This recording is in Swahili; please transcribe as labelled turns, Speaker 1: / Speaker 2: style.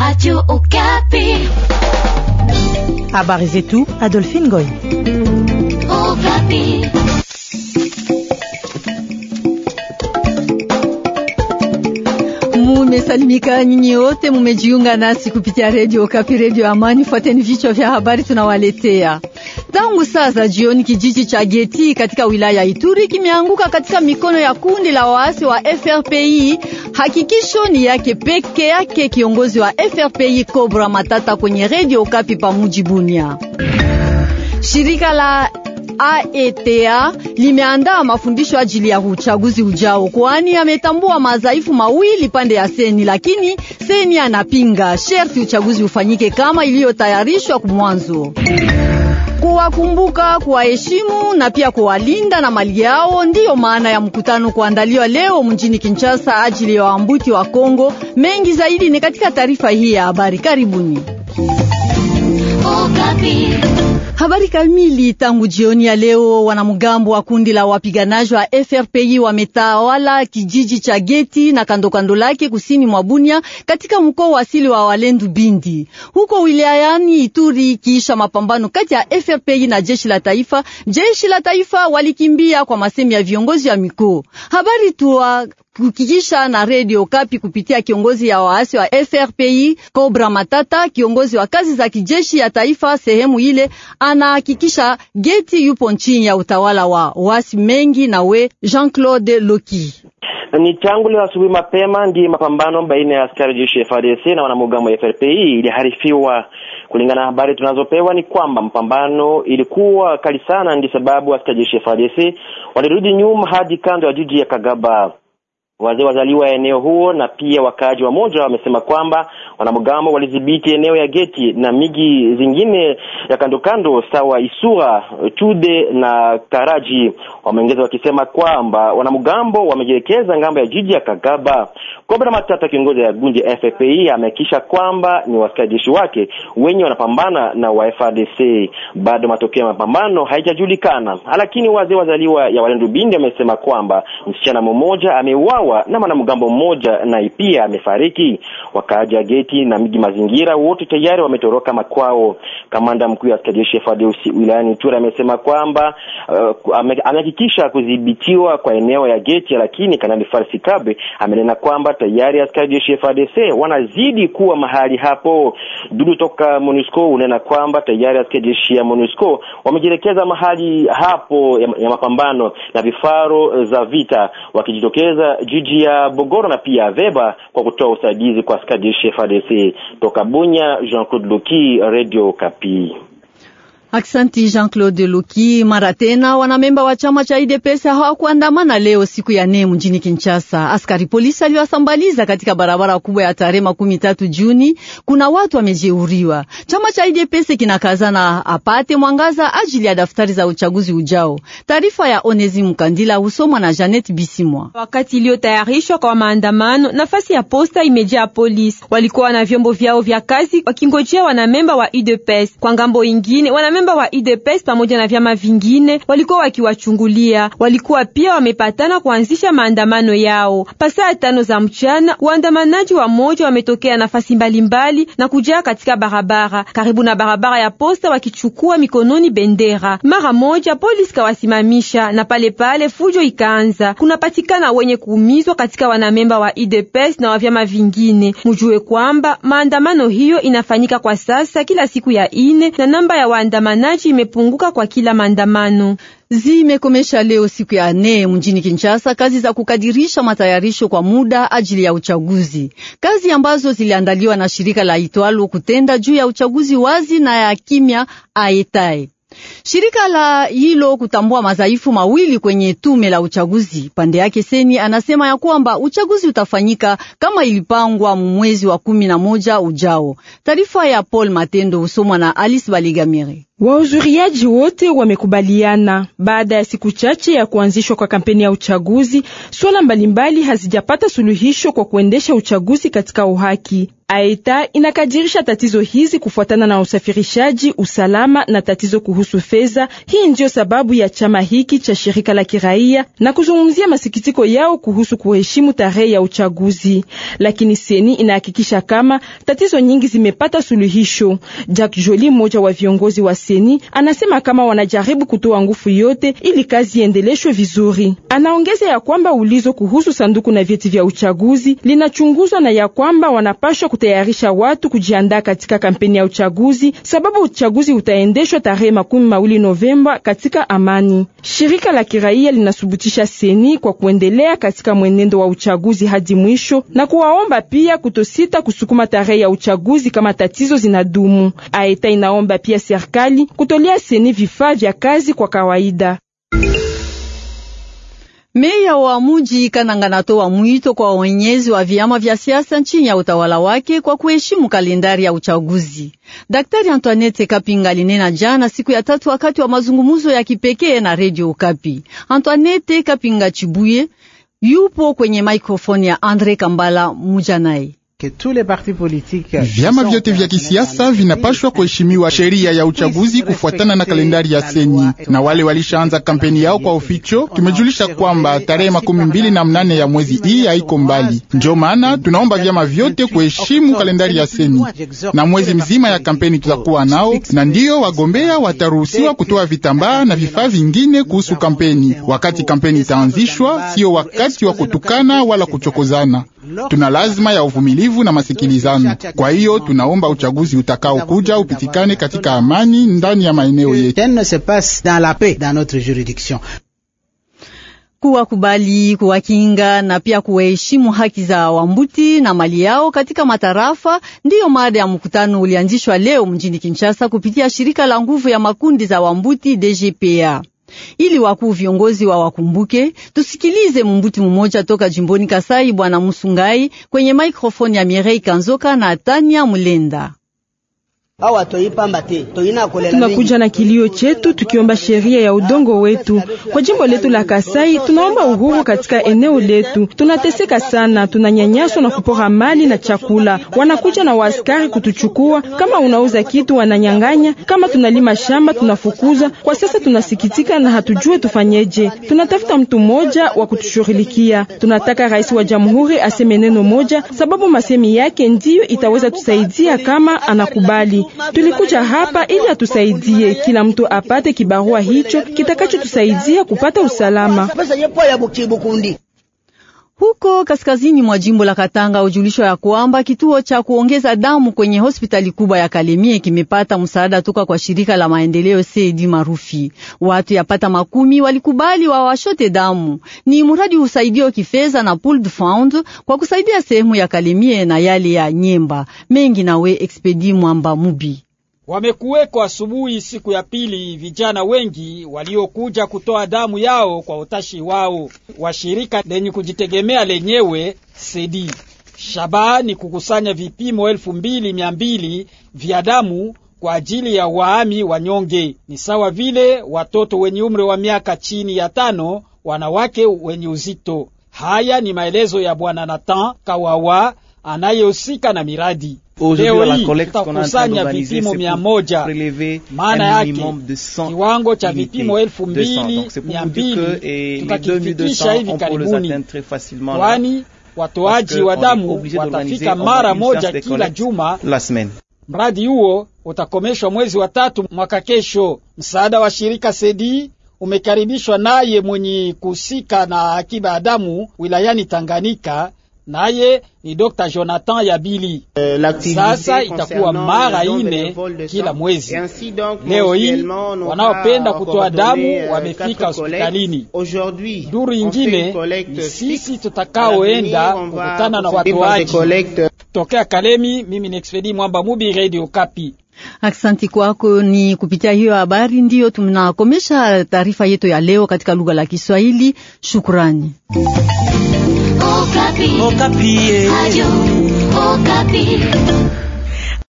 Speaker 1: Radio Okapi.
Speaker 2: Habari zetu Adolphine Goy. Okapi. Mumesalimika nyinyi wote, mumejiunga nasi kupitia Radio Okapi, Radio Amani. Fuateni vichwa vya habari tunawaletea. Tangu sasa jioni kijiji cha Geti katika wilaya Ituri kimeanguka katika mikono ya kundi la waasi wa FRPI. Hakikisho ni yake peke yake kiongozi wa FRPI Cobra Matata kwenye Radio Kapi pa muji Bunia. Shirika la AETA e limeandaa mafundisho ajili ya uchaguzi ujao, kwani ametambua madhaifu mawili pande ya seni, lakini seni anapinga sherti uchaguzi ufanyike kama iliyotayarishwa kumwanzo kuwakumbuka, kuwaheshimu na pia kuwalinda na mali yao. Ndiyo maana ya mkutano kuandaliwa leo mjini Kinshasa ajili ya waambuki wa Kongo. Mengi zaidi ni katika taarifa hii ya habari. Karibuni. Habari kamili. Tangu jioni ya leo, wanamgambo wa kundi la wapiganaji wa FRPI wametawala kijiji cha Geti na kandokando lake kusini mwa Bunia katika mkoa wa asili wa Walendu Bindi huko wilayani Ituri. Kiisha mapambano kati ya FRPI na jeshi la taifa, jeshi la taifa walikimbia kwa masemi ya viongozi ya mikoa. Habari tua kukikisha na Radio Kapi kupitia kiongozi ya waasi wa FRPI Cobra Matata, kiongozi wa kazi za kijeshi ya taifa sehemu ile, anahakikisha Geti yupo nchini ya utawala wa waasi mengi. Nawe Jean-Claude Loki
Speaker 3: ni tangu leo asubuhi mapema ndiye mapambano baina ya askari jeshi ya FARDC na wanamgambo wa FRPI iliharifiwa. Kulingana na habari tunazopewa ni kwamba mapambano ilikuwa kali sana, ndi sababu askari jeshi ya FARDC walirudi nyuma hadi kando ya jiji ya Kagaba. Wazee wazaliwa eneo huo na pia wakaaji wa moja wamesema kwamba wanamgambo walidhibiti eneo ya Geti na migi zingine ya kando kando sawa Isura, tude na Karaji. Wameongeza wakisema kwamba wanamgambo wamejielekeza ngambo ya jiji ya Kagaba. Kobra Matata, kiongozi ya gundi FPI, amehakikisha kwamba ni wasikilizaji wake wenye wanapambana na wa Bado matokeo ya mapambano haijajulikana, lakini wazee wazaliwa ya Walendu wamesema kwamba msichana mmoja ameuawa waliuawa na mwanamgambo mmoja na pia amefariki. Wakaaji wa Geti na miji mazingira wote tayari wametoroka makwao. Kamanda mkuu wa askari jeshi FARDC wilayani Ituri amesema kwamba uh, amehakikisha kudhibitiwa kwa eneo ya Geti, lakini Kanali Farsi Kabe amenena kwamba tayari askari jeshi FARDC wanazidi kuwa mahali hapo. Duru toka MONUSCO unena kwamba tayari askari jeshi ya MONUSCO wamejielekeza mahali hapo ya, ya mapambano na vifaro za vita wakijitokeza jiji ya Bogoro na pia Veba kwa kutoa usaidizi kwa skadishi FARDC toka Bunya, Jean Claude Luki, Radio Kapi.
Speaker 2: Aksanti Jean-Claude Luki. Mara tena wanamemba wa chama cha UDPS hawakuandamana leo siku ya nne mjini Kinshasa. Askari polisi aliwasambaliza katika barabara kubwa ya tarehe makumi tatu Juni. Kuna watu wamejeuriwa. Chama cha UDPS kinakazana apate mwangaza ajili ya daftari za uchaguzi ujao. Taarifa ya Onezi Mkandila husomwa na Janet Bisimwa.
Speaker 4: Wakati iliyotayarishwa kwa maandamano, nafasi ya posta imejaa polisi, walikuwa na vyombo vyao vya kazi wakingojea wanamemba wa UDPS. Kwa ngambo ingine wanamemba wanamemba wa UDPS pamoja na vyama vingine walikuwa wakiwachungulia. Walikuwa pia wamepatana kuanzisha maandamano yao pasaa tano za mchana. Waandamanaji wa moja wametokea nafasi mbalimbali mbali na kujaa katika barabara karibu na barabara ya posta, wakichukua mikononi bendera. Mara moja polisi kawasimamisha na pale pale fujo ikaanza. Kunapatikana wenye kuumizwa katika wanamemba wa UDPS na wa vyama vingine. Mujue kwamba maandamano hiyo inafanyika kwa sasa kila siku ya ine na namba ya waandamanaji waandamanaji imepunguka
Speaker 2: kwa kila maandamano zimekomesha leo siku ya nne mjini Kinshasa kazi za kukadirisha matayarisho kwa muda ajili ya uchaguzi, kazi ambazo ziliandaliwa na shirika la itwalo kutenda juu ya uchaguzi wazi na ya kimya aetae shirika la hilo kutambua madhaifu mawili kwenye tume la uchaguzi. Pande yake Seni anasema ya kwamba uchaguzi utafanyika kama ilipangwa mwezi wa kumi na moja ujao. Taarifa ya Paul Matendo husomwa na Alice Baligamire wauzuriaji
Speaker 4: wote wamekubaliana baada ya siku chache ya kuanzishwa kwa kampeni ya uchaguzi, swala mbalimbali hazijapata suluhisho kwa kuendesha uchaguzi katika uhaki. Aita inakadirisha tatizo hizi kufuatana na usafirishaji, usalama na tatizo kuhusu fedha. Hii ndiyo sababu ya chama hiki cha shirika la kiraia na kuzungumzia masikitiko yao kuhusu kuheshimu tarehe ya uchaguzi, lakini seni inahakikisha kama tatizo nyingi zimepata suluhisho. Jack Jolie, mmoja wa viongozi wa Seni anasema kama wanajaribu kutoa nguvu yote ili kazi iendeleshwe vizuri. Anaongeza ya kwamba ulizo kuhusu sanduku na vyeti vya uchaguzi linachunguzwa na ya kwamba wanapashwa kutayarisha watu kujiandaa katika kampeni ya uchaguzi, sababu uchaguzi utaendeshwa tarehe makumi mawili Novemba katika amani. Shirika la kiraia linasubutisha Seni kwa kuendelea katika mwenendo wa uchaguzi hadi mwisho na kuwaomba pia kutosita kusukuma tarehe ya uchaguzi kama tatizo zinadumu. Aeta inaomba pia serikali serikali kutolea seni vifaa
Speaker 2: vya kazi kwa kawaida. Meya wa muji Kananga wa mwito kwa wenyezi wa vyama vya siasa chini ya utawala wake kwa kuheshimu kalendari ya uchaguzi. Daktari Antoinette Kapinga alinena jana siku ya tatu wakati wa mazungumzo ya kipekee na Radio Okapi. Antoinette Kapinga Chibuye yupo kwenye mikrofoni ya Andre Kambala Mujanai. Euh,
Speaker 5: vyama vyote vya kisiasa vinapashwa kuheshimiwa sheria ya uchaguzi kufuatana na kalendari ya senyi, na wale walishaanza kampeni yao kwa uficho, tumejulisha kwamba tarehe makumi mbili na mnane ya mwezi hii haiko mbali. Ndio maana tunaomba vyama vyote kuheshimu kalendari ya senyi, na mwezi mzima ya kampeni tutakuwa nao, na ndiyo wagombea wataruhusiwa kutoa vitambaa na vifaa vingine kuhusu kampeni, wakati kampeni itaanzishwa, siyo wakati wa kutukana wala kuchokozana. Tuna lazima ya uvumilivu na masikilizano. Kwa hiyo tunaomba uchaguzi utakaokuja upitikane katika amani ndani ya maeneo yetu.
Speaker 2: Kuwakubali, kuwakinga na pia kuwaheshimu haki za Wambuti na mali yao katika matarafa ndiyo mada ya mkutano ulianzishwa leo mjini Kinshasa kupitia shirika la nguvu ya makundi za Wambuti DGPA ili wakuu viongozi wa wakumbuke. Tusikilize mumbuti mumoja toka jimboni Kasai, Bwana Musungai kwenye maikrofoni ya Mirei Kanzoka na Tania Mulenda.
Speaker 4: Tunakuja na kilio chetu tukiomba sheria ya udongo wetu kwa jimbo letu la Kasai. Tunaomba uhuru katika eneo letu, tunateseka sana, tunanyanyaswa na kupora mali na chakula. Wanakuja na waaskari kutuchukua, kama unauza kitu wananyang'anya, kama tunalima shamba tunafukuza. Kwa sasa tunasikitika na hatujue tufanyeje. Tunatafuta mtu mmoja wa kutushughulikia. Tunataka rais wa jamhuri aseme neno moja, sababu masemi yake ndiyo itaweza tusaidia kama anakubali. Tulikuja hapa ili atusaidie, kila mtu apate
Speaker 2: kibarua hicho kitakachotusaidia kupata usalama huko kaskazini mwa jimbo la Katanga ujulisho ya kwamba kituo cha kuongeza damu kwenye hospitali kubwa ya Kalemie kimepata msaada toka kwa shirika la maendeleo seidi Marufi. Watu yapata makumi walikubali wawashote damu. Ni mradi usaidio kifedha na Pooled Fund kwa kusaidia sehemu ya Kalemie na yale ya Nyemba mengi. Nawe Expedi Mwamba Mubi
Speaker 1: Wamekuweko asubuhi siku ya pili vijana wengi waliokuja kutoa damu yao kwa utashi wao wa shirika lenye kujitegemea lenyewe Sedi. Shabaha ni kukusanya vipimo elfu mbili mia mbili vya damu kwa ajili ya waami wanyonge, ni sawa vile watoto wenye umri wa miaka chini ya tano, wanawake wenye uzito. Haya ni maelezo ya Bwana Nathan Kawawa anayehusika na miradi Leo hii tutakusanya vipimo mia moja, maana yake kiwango cha vipimo elfu mbili mia mbili eh, tutakifikisha hivi karibuni, kwani watoaji wa damu watafika mara moja kila juma. Mradi huo utakomeshwa mwezi wa tatu mwaka kesho. Msaada wa shirika Sedi umekaribishwa naye mwenye kusika na akiba ya damu wilayani Tanganyika naye ni Dr. Jonathan Yabili. Euh, Sasa itakuwa mara ine kila mwezi. Leo hii wanaopenda kutoa damu euh, wamefika hospitalini. Duru ingine ni sisi tutakaoenda kukutana na watoaji tokea Kalemi. Mimi ni Expedi Mwamba Mubi, Radio Kapi.
Speaker 2: Aksanti kwako. Ni kupitia hiyo habari ndiyo tunakomesha taarifa yetu ya leo katika lugha la Kiswahili. Shukrani.
Speaker 3: Okapi. Okapi.